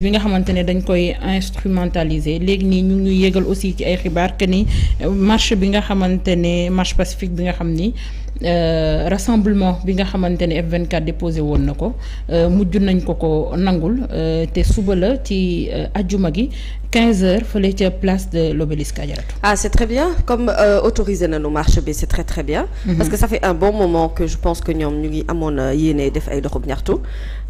bi nga xamante ne dañ koy instrumentaliser léegi nii ñu ngi yëgal aussi ci ay xibaar que ni marche bi nga xamante ne marche pacifique bi nga xam ni euh, rassemblement bi nga xamante ne F24 déposé woon na ko euh, mujj nañ ko ko nangul euh, te suba la ci ajjuma gi 15 heures fële ca place de l'obélisque Adjaratou ah c'est très bien comme euh, autorisé nañu marche bi c'est très très bien mhm. parce que ça un bon moment que je pense que ñoom ñu ngi amoon euh, yéene def ay doxub ñaxtu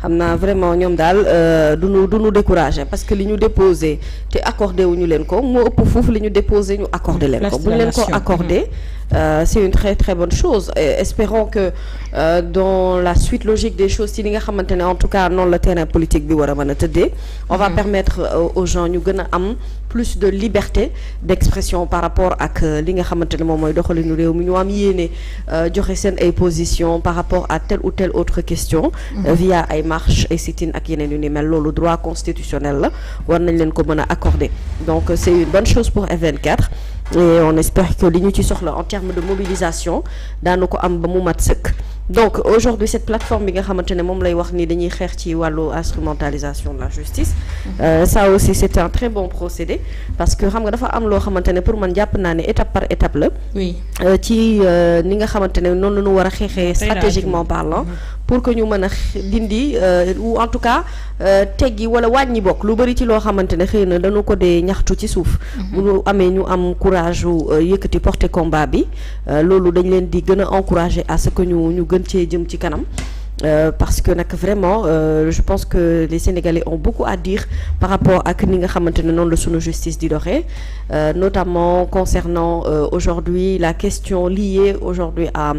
xam naa vraiment ñoom daal euh, duñu duñu découragé parce que li ñu déposé te accordé wuñu leen ko moo ëpp foofu li ñu déposé ñu accordé leen ko buñu leen ko accordé mhm. Euh, c'est une très très bonne chose et que euh, dans la suite logique des choses si nga xamante ne tout cas noonu la terrain politique bi war a a tëddee on am plus de liberté d'expression par rapport ak euh, li nga xamante ne moom mooy doxalinu réew mi ñu am yéene euh, joxe seen ay position par rapport à telle ou telle autre question mhm. euh, via ay marche ay sit ak yeneen yu ni mel loolu droit constitutionnel la war nañ leen ko mën a accorder donc c'est une bonne chose pour F24 et on espère que li ñu ci soxla en termes de mobilisation daanu ko am ba mu mat sëkk donc aujourd'hui cette plateforme bi nga xamante ne moom lay wax ni dañuy xeex ci wàllu instrumentalisation de la justice mm-hmm. euh, ça aussi c'est un très bon procédé parce que xam nga dafa am loo xamante ne pour man jàpp naa ne étape par étape la oui euh, ci euh, ni nga xamante ne noonu la nu war a xeexee stratégiquement parlant mm-hmm. pour que ñu mën a dindi euh, ou en tout cas euh, teggi wala wàññi bokk lu bëri ci loo xamante ne xëy na dañu ko dee ñaxtu ci suuf. Mm-hmm. bu ñu amee ñu am courage wu euh, yëkkati porter combat bi loolu dañ leen di gën a encourager à que ñu ñu gën cee jëm ci kanam. Euh, parce que nag vraiment euh, je pense que les Sénégalais ont beaucoup à dire par rapport ak ni nga xamante ne noonu la sunu justice di doxee notamment concernant euh, aujourd'hui la question liée aujourd'hui à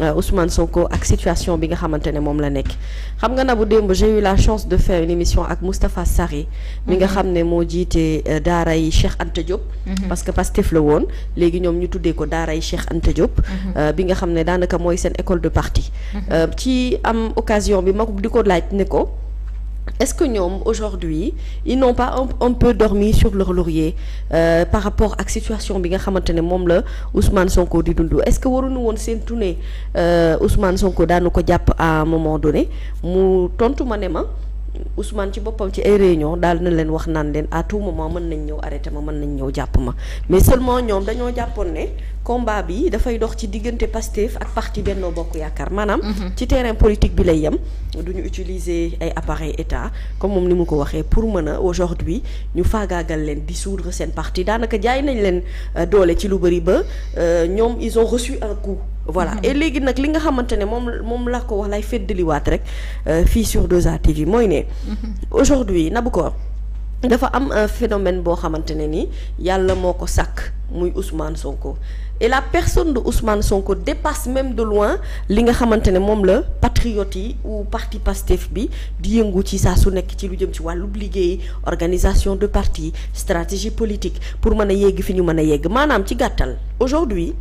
Euh, Ousmane Sonko ak situation bi nga xamante ne moom la nekk xam nga na bu démb j'ai la chance de faire une émission ak Moustapha Sarré mi nga mhm. xam ne moo jiite euh, daara yi Cheikh Anta Diop mhm. parce que Pastef la woon léegi ñoom ñu tuddee ko daara yi Cheikh Anta Diop mhm. euh, bi nga xam ne daanaka mooy seen école de parti ci am occasion bi ma ko di ko laaj ne ko est-ce que ñoom aujourd'hui ils n'ont pas un, un peu dormi sur leur laurier euh, par rapport ak situation bi nga xamante ne moom la Ousmane Sonko di dund est-ce que waruñu woon seen tune euh, Ousmane Sonko daanu ko jàpp à un moment donné mu tontu ma ne ma Ousmane ci boppam ci ay réunion daal na leen wax naan leen à tout moment mën nañ ñëw arrêté ma mën nañ ñëw jàpp ma mais seulement ñoom dañoo jàppoon ne combat bi dafay dox ci diggante Pastef ak parti Benno Bokk Yaakaar maanaam mhm. ci terrain politique bi lay yem du ñu utiliser ay appareil état comme moom ni mu ko waxee pour mën a aujourd'hui ñu faagaagal leen dissoudre seen parti daanaka jaay nañ leen euh, doole ci lu bëri ba euh, ñoom ils ont reçu un coup voilà mhm. et léegi nag li nga xamante ne moom moom laa ko wax lay feddaliwaat rek euh, fii sur 2A TV mooy ne mhm. aujourd'hui ko dafa am un phénomène boo xamante ne ni yàlla moo ko sàkk muy Ousmane Sonko et la personne de Ousmane Sonko dépasse même de loin li nga xamante ne moom la patriote yi ou parti Pastef bi di yëngu ci saa su nekk ci lu jëm ci wàllub liggéey organisation de parti stratégie politique pour mën a yegg fi ñu mën a yegg maanaam ci gàttal aujourd'hui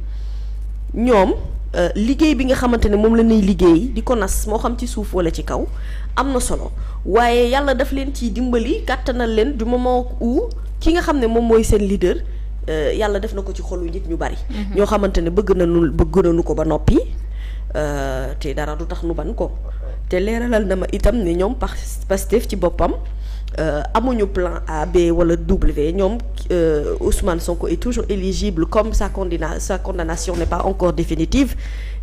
ñoom euh, liggéey bi nga xamante ne moom la ñuy liggéey di ko nas moo xam ci suuf wala ci kaw am na solo waaye yàlla daf leen ciy dimbali kàttanal leen du ma où ki nga xam ne moom mooy seen leader euh, yàlla def na ko ci xolu nit ñu bari. Mhm. ñoo xamante ne bëgg nañu bëgg nu ko ba noppi euh, te dara du tax nu ban ko te leeralal na ma itam ne ñoom Pastef ci boppam. Euh, amuñu plan A B wala W ñoom euh, Ousmane Sonko est toujours éligible comme sa condamna sa condamnation n'est pas encore définitive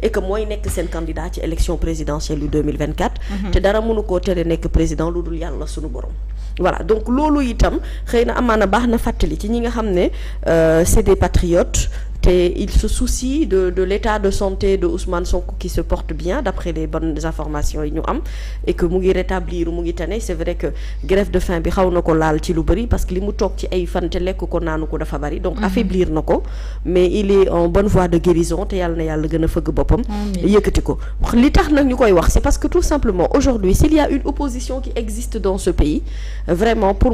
et que mooy nekk seen candidat ci élection présidentielle yu 2024 mhm. te dara mënu koo tere nekk président lu dul yàlla suñu borom voilà donc loolu itam xëy na a baax na fàttali ci ñi nga xam ne euh, c'est des patriotes te il se soucie de de l'état de santé de Ousmane Sonko qui se porte bien d'après les bonnes informations yi ñu am et que mu ngi rétablir mu ngi tane c'est vrai que grève de faim bi xaw na ko laal ci lu bëri parce que li mu toog ci ay fan te lekk ko naanu ko dafa bëri donc mm-hmm. affaiblir na ko mais il est en bonne voie de guérison te yàlla na yàlla gën a fëgg boppam yëkkati ko li tax nag ñu koy wax c'est parce que tout simplement aujourd'hui s'il y a une opposition qui existe dans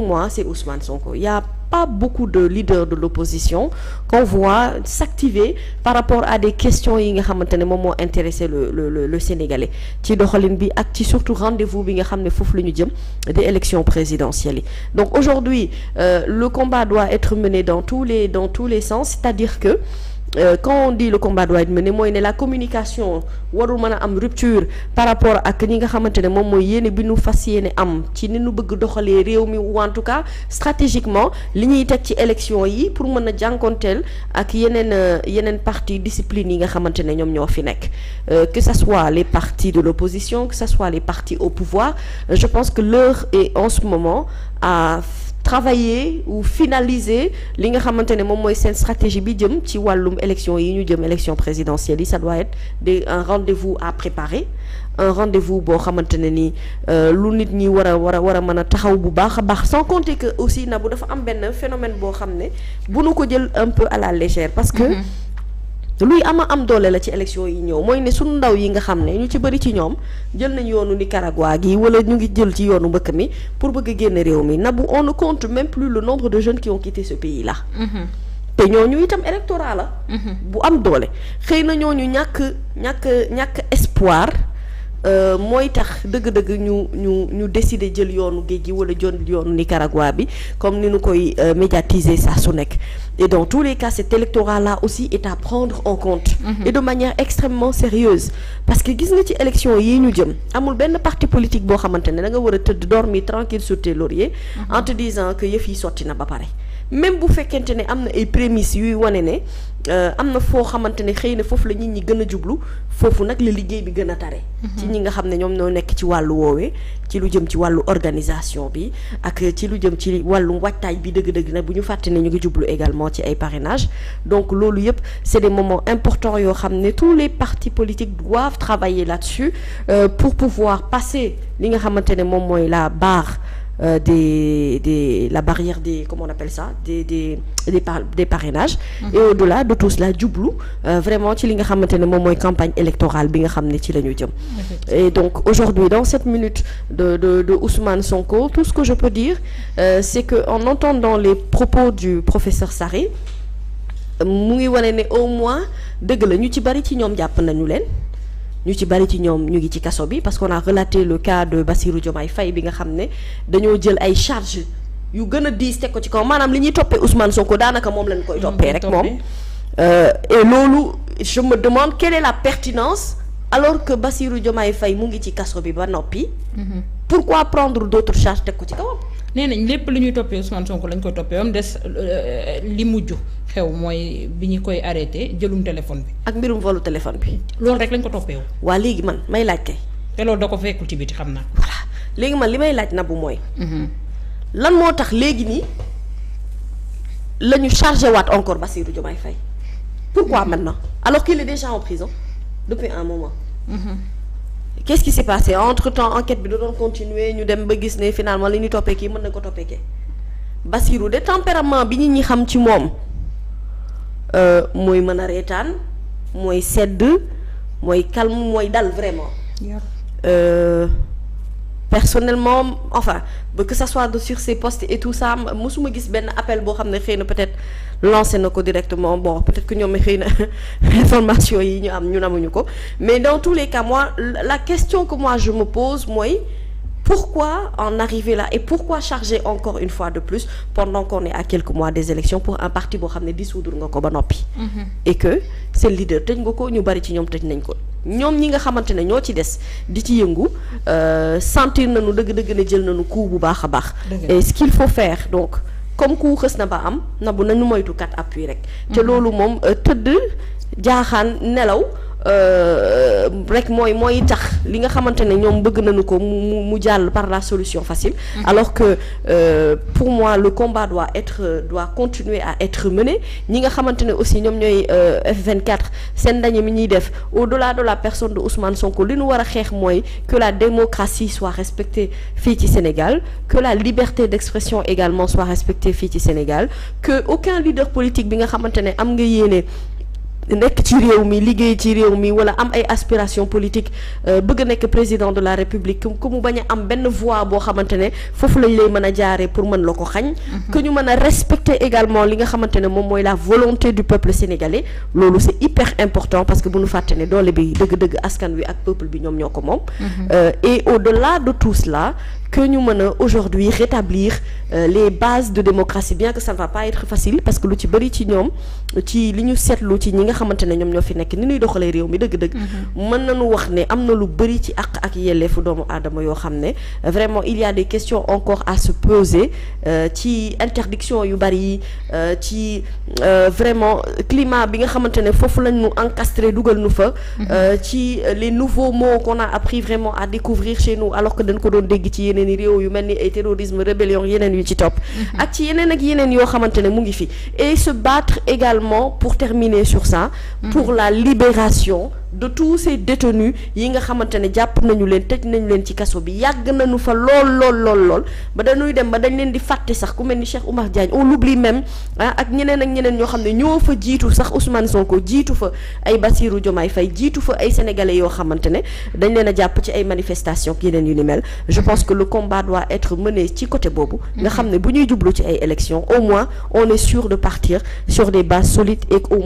moi c'est Ousmane Sonko il pas beaucoup de leaders de l'opposition qu'on voit s'activer par rapport à des questions yi nga xamante ne moom moo intéressé le le le sénégalais ci doxalin bi ak ci surtout rendez-vous bi nga xam ne foofu la ñu jëm des élections présidentielles yi donc aujourd'hui euh, le combat doit être mené dans les dans tous les sens c'est-à-dire que Euh, quand on dit le combat mooy ne la communication warul mën a am rupture par rapport ak ñi nga xamante ne moom mooy yéene bi nu fas yéene am ci ni ñu bëgg doxalee réew mi ou en tout cas stratégiquement li ñuy teg ci élection yi pour mën a jànkonteel ak yeneen euh, yeneen parti discipline yi nga xamante ne ñoom ñoo fi nekk euh, que ça soit les partis de l'opposition que ça soit les partis au pouvoir je pense que l'heure est en ce moment travailler ou finaliser li nga xamante ne moom mooy seen stratégie bi jëm ci wàllum élection yi ñu jëm élection présidentielle yi ça doit être des un rendez-vous à préparer un rendez-vous boo xamante ne ni euh, lu nit ñi war a war a war a mën a taxaw bu baax a baax sans compter que aussi na bu dafa am benn phénomène boo xam ne bu nu ko jël un peu à la légère parce que mm-hmm. luy ama am doole la ci élection yi ñëw mooy ne suñu ndaw yi nga xam ne ñu ci bëri ci ñoom jël nañ yoonu ni Nicaragua gi wala ñu ngi jël ci yoonu mbëkk mi pour bëgg a génn réew mi na bu on ne compte même plus le nombre de jeunes qui ont quitté ce pays là mm-hmm. te ñooñu itam électorat la mm-hmm. bu am doole xëy na ñu ñàkk ñàkk ñàkk espoir euh, mooy tax dëgg-dëgg ñu ñu ñu décider jël yoonu géej gi wala jël yoonu ni Nicaragua bi comme ni ñu koy euh, médiatiser saa su nekk Et dans tous les cas, cet électorat-là aussi est à prendre en compte. Mhm. Et de manière extrêmement sérieuse. Parce que gis nga ci élection yi ñu jëm amul benn parti politique boo xamante ne da war a tëdd dormir tranquille sur tes lauriers mhm. en te disant que yëf yi sotti na ba pare. même bu fekkente ne am na ay prémices yuy wane ne euh, am na foo xamante ne xëy na foofu la nit ñi gën a jublu foofu nag la liggéey bi gën a tare mhm. ci ñi nga xam ne ñoom ñoo nekk ci wàllu woowee ci lu jëm ci wàllu organisation bi ak ci lu jëm ci wàllu waajtaay bi dëgg-dëgg nag bu ñu fàtte ne ñu ngi jublu également ci ay parrainage donc loolu yëpp c'est des moments importants yoo xam ne tous les partis politiques doivent travailler là-dessus euh, pour pouvoir passer li nga xamante ne moom mooy la barre euh, des des la barrière des comment on appelle ça des des des par des parrainages. Mm -hmm. et au-delà de tout cela jublu euh, vraiment ci li nga xamante ne moom mooy campagne électorale bi nga xam ne ci lañuy ñu jëm. et donc aujourd'hui dans cette minute de de de Ousmane Sonko tout ce que je peux dire euh, c'est que en entendant les propos du professeur Sarré mu ngi wane ne au moins dëgg la ñu ci bari ci ñoom jàpp nañu leen. ñu ci bari ci ñoom ñu ngi ci kaso bi parce qu'on a relaté le cas de Bassirou Diomaye Faye bi nga xam ne dañoo jël ay charges yu gën a diis teg ko ci kaw maanaam li ñuy toppee Ousmane Sonko daanaka moom lañ koy toppee rek moom euh, et loolu je me demande quelle est la pertinence alors que Bassirou Diomaye fay mu ngi ci kaso bi ba noppi mm-hmm. pourquoi prendre d'autres charges teg ko ci kawam nee nañ lépp lu ñuy toppee Ousmane Sonko lañ koy toppee ba mu des euh, li mujj xew mooy bi ñu koy arrêté jëlum téléphone bi. ak mbirum volu téléphone bi. loolu rek lañ ko toppee waa léegi man may laaj tey. te loolu da ko fekkul ci biti xam naa. voilà léegi man li may laaj na bu mooy. Mhm. lan moo tax léegi nii lañu ñu waat encore Bassirou Diomaye Faye pourquoi mhm. maintenant alors qu'il est déjà en prison depuis un moment. Mhm. qu'est-ce qui s'est passé entre temps enquête bi da doon continuer ñu dem ba gis ne finalement li ñu toppee kii mën na ko toppee kii de tempérament bi nit ñi xam ci moom euh, mooy mën a reetaan mooy sedd mooy calme mooy dal vraiment. Euh, personnellement enfin que ça soit de sur ses postes et tout ça mosuma gis benn appel boo xam ne xëy na peut-être lancé na ko directement bon peut-être que ñoom xëy na information yi ñu am ñun amuñu ko mais dans tous les cas moi la question que moi je me pose mooy pourquoi en arriver là et pourquoi charger encore une fois de plus pendant qu'on est à quelques mois des élections pour un parti boo xam ne dissoudre nga ko ba noppi mm-hmm. et que seen leader tëj nga ko ñu bari ci ñoom tëj nañ ko ñoom ñi nga xamante ne ñoo ci des di ci yëngu euh, sentir nañu dëgg-dëgg ne jël nañu coup bu baax a baax. et ce faut faire donc comme coup xës na ba am na bu nañu moytu kat appui rek. Mm-hmm. te loolu moom euh, tëdd jaaxaan nelaw. Euh, rek mooy mooy tax li nga xamante ne ñoom bëgg nañu ko mu mu jàll par la solution facile. Mm-hmm. alors que euh, pour moi le combat doit être doit continuer à être mené ñi nga xamante ne aussi ñoom ñooy euh, f quatre seen ndaje mi ñuy def au-delà de la personne de Ousmane Sonko li ñu war a xeex mooy que la démocratie soit respectée fii ci Sénégal que la liberté d'expression également soit respectée fii ci Sénégal que aucun leader politique bi nga xamante ne am nga yéene. nekk ci réew mi liggéey ci réew mi wala am ay aspirations politiques euh, bëgg a nekk président de la république ku mu bañ am benn voix boo xamante ne foofu lañ lay mën a jaaree pour mën la ko xañ mm-hmm. que ñu mën a respecter également li nga xamante ne moom mooy la volonté du peuple sénégalais loolu c'est hyper important parce que bu ñu fàtte ne doole bi dëgg-dëgg askan wi ak peuple bi ñoom ñoo ko moom mm-hmm. euh, et au-delà de tout cela que ñu mën a aujourd'hui rétablir euh, les bases de démocratie bien que ça va pas être facile parce que lu ci bëri ci ñoom ci li ñu seetlu ci ñi nga xamante ne ñoom ñoo fi nekk ni ñuy doxalee réew mi dëgg-dëgg mm-hmm. mën nañu wax ne am na lu bëri ci àq ak yelleefu doomu aadama yoo xam ne vraiment il y de des questions encore à se poser euh, ci interdiction yu bëri yi euh, ci vraiment climat bi nga xamante ne foofu lañ ñu encastré dugal nu fa mm-hmm. ci les nouveaux mots qu'on a appris vraiment à ni réew yu mel ni ay terrorisme rébellion yeneen yu ci topp mm-hmm. ak ci yeneen ak yeneen yoo xamante ne mu ngi fi et se battre également pour terminer sur ça mm-hmm. pour la libération de tous ces détenus yi nga xamante ne jàpp nañu leen tëj nañu leen ci kaso bi yàgg nañu fa lool lool lool lool ba dañuy dem ba dañ leen di fàtte sax ku mel ni Cheikh Oumar Diagne on l'oublie même ah, ak ñeneen ak ñeneen ñoo xam ne ñoo fa jiitu sax Ousmane Sonko jiitu fa ay Bassirou Diomaye fay jiitu fa ay sénégalais yoo xamante ne dañ leen a jàpp ci ay manifestations yeneen yu ni mel je pense que lu combat doit être mené ci coté boobu. nga xam ne bu ñuy jublu ci ay élections au moins on est de partir sur des bases solides et au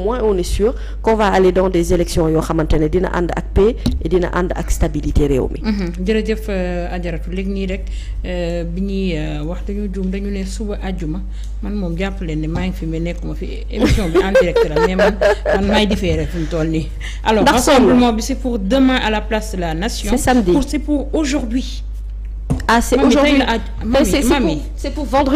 yoo xamante ne dina ànd ak paix et dina ànd ak stabilité réew mi. Mhm. jërëjëf euh, Ajaratu léegi nii rek euh, bi ñuy euh, wax dañu jum dañu ne suba àjjuma man moom jàpp leen ne maa ngi fi mais nekkuma fi émission bi en direct la mais man man maay différé fi mu toll nii. alors rassemblement bi c'est pour demain à la place la nation. c'est samedi pour c'est pour aujourd'hui ah c'est pour vendredi.